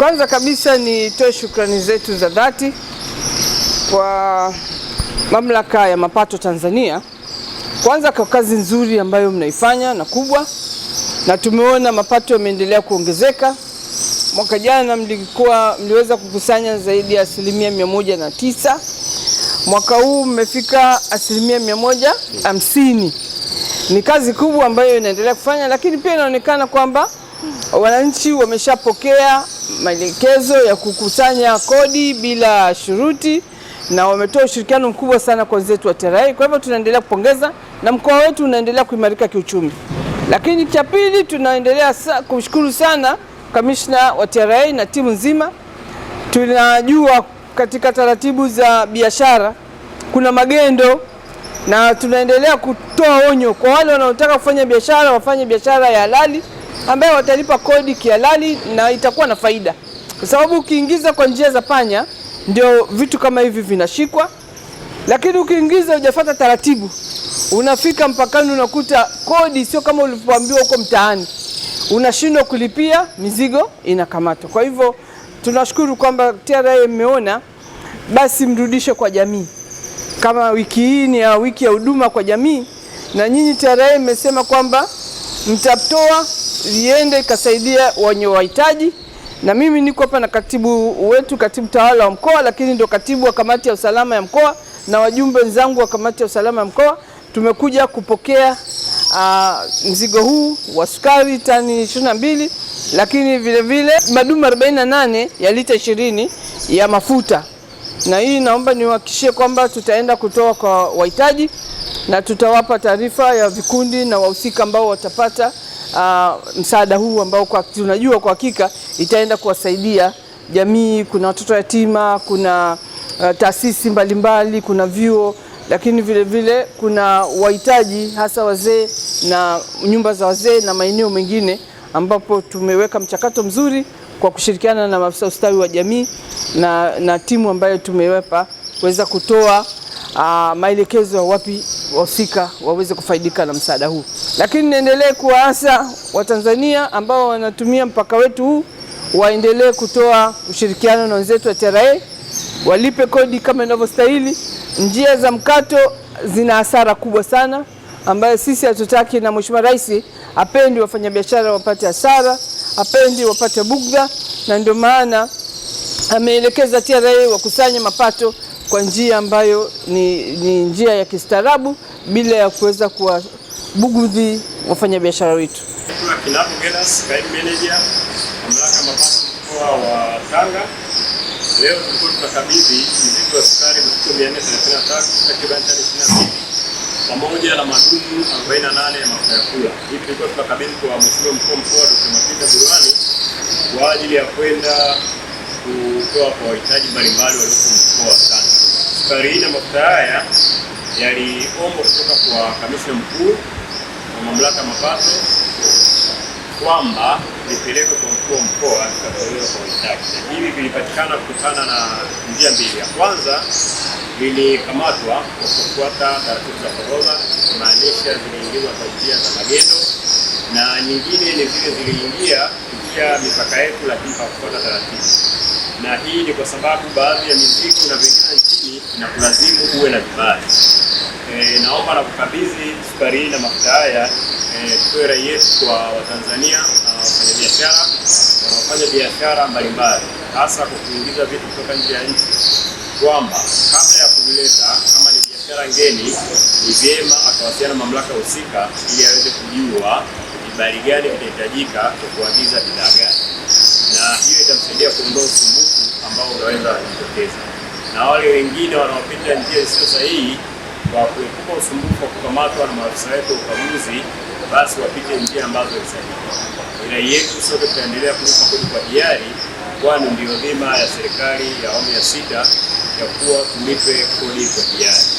Kwanza kabisa nitoe shukrani zetu za dhati kwa Mamlaka ya Mapato Tanzania, kwanza kwa kazi nzuri ambayo mnaifanya na kubwa, na tumeona mapato yameendelea kuongezeka. Mwaka jana mlikuwa mliweza kukusanya zaidi ya asilimia mia moja na tisa, mwaka huu mmefika asilimia mia moja hamsini. Ni kazi kubwa ambayo inaendelea kufanya, lakini pia inaonekana kwamba wananchi wameshapokea maelekezo ya kukusanya kodi bila shuruti na wametoa ushirikiano mkubwa sana kwa wenzetu wa TRA. Kwa hivyo tunaendelea kupongeza na mkoa wetu unaendelea kuimarika kiuchumi. Lakini cha pili, tunaendelea sa, kumshukuru sana kamishna wa TRA na timu nzima. Tunajua katika taratibu za biashara kuna magendo, na tunaendelea kutoa onyo kwa wale wanaotaka kufanya biashara wafanye biashara ya halali ambayo watalipa kodi kialali na itakuwa na faida, kwa sababu ukiingiza kwa njia za panya ndio vitu kama hivi vinashikwa, lakini ukiingiza hujafata taratibu, unafika mpakani unakuta kodi sio kama ulivyoambiwa huko mtaani, unashindwa kulipia, mizigo inakamatwa. Kwa hivyo tunashukuru kwamba TRA mmeona basi mrudishe kwa jamii, kama wiki hii ni ya wiki ya huduma kwa jamii, na nyinyi TRA mmesema kwamba mtatoa iende ikasaidia wenye wahitaji, na mimi niko hapa na katibu wetu, katibu tawala wa mkoa, lakini ndo katibu wa kamati ya usalama ya mkoa na wajumbe wenzangu wa kamati ya usalama ya mkoa tumekuja kupokea uh, mzigo huu wa sukari tani 22 lakini vilevile madumu 48 ya lita 20 ya mafuta, na hii naomba niwahakikishie kwamba tutaenda kutoa kwa wahitaji na tutawapa taarifa ya vikundi na wahusika ambao watapata uh, msaada huu ambao kwa, tunajua kwa hakika itaenda kuwasaidia jamii. Kuna watoto yatima, kuna uh, taasisi mbalimbali, kuna vyuo, lakini vile vile kuna wahitaji hasa wazee na nyumba za wazee na maeneo mengine ambapo tumeweka mchakato mzuri kwa kushirikiana na maafisa ustawi wa jamii na, na timu ambayo tumewepa kuweza kutoa uh, maelekezo ya wapi wahusika waweze kufaidika na msaada huu, lakini niendelee kuwaasa Watanzania ambao wanatumia mpaka wetu huu waendelee kutoa ushirikiano na wenzetu wa TRA, walipe kodi kama inavyostahili. Njia za mkato zina hasara kubwa sana ambayo sisi hatutaki, na Mheshimiwa Rais apendi wafanyabiashara wapate hasara, apendi wapate bugdha, na ndio maana ameelekeza TRA wakusanye mapato kwa njia ambayo ni, ni njia ya kistaarabu bila ya kuweza kuwabugudhi wafanyabiashara wetu. Kinapu Gedas, kaimu meneja mamlaka mapato mkoa wa Tanga. Leo tulikuwa tunakabidhi mzigo wa sukari mfuko takriban tani pamoja na madumu 48 ya mafuta ya kula. Hii tulikuwa tunakabidhi kwa Mheshimiwa mkuu wa mkoa Dkt. Matinda Burwani kwa ajili ya kwenda kutoa kwa wahitaji mbalimbali walioko mkoa wa Tanga. Safari hii na mafuta haya yaliombwa kutoka kwa kamishna mkuu wa mamlaka mapato kwamba vipelekwe kwa mkuu wa mkoa vikatolewa kwa wahitaji, na hivi vilipatikana kutokana na njia mbili. Ya kwanza vilikamatwa kwa kufuata taratibu za forodha, kumaanisha ziliingizwa kwa njia za magendo, na nyingine ni zile ziliingia kuheshimisha mipaka yetu, lakini kwa taratibu, na hii ni kwa sababu baadhi ya na vingine nchini inakulazimu uwe na vibali. E, naomba na kukabidhi sukari hii na mafuta haya e, tutoe rai yetu kwa Watanzania na wafanyabiashara wanaofanya biashara mbalimbali, hasa kwa kuingiza vitu kutoka nje ya nchi, kwamba kabla ya kuvileta kama ni biashara ngeni, ni vyema akawasiliana mamlaka husika ili aweze kujua habari gani itahitajika kwa kuagiza bidhaa gani, na hiyo itamsaidia kuondoa usumbufu ambao unaweza kujitokeza, na wale wengine wanaopita njia sio sahihi, kwa kuepuka usumbufu wa kukamatwa na maafisa wetu wa ukaguzi, basi wapite njia ambazo ni sahihi. yetu sote tutaendelea kulipa kodi kwa hiari, kwani ndio dhima ya serikali ya awamu ya sita ya kuwa tulipe kodi kwa hiari.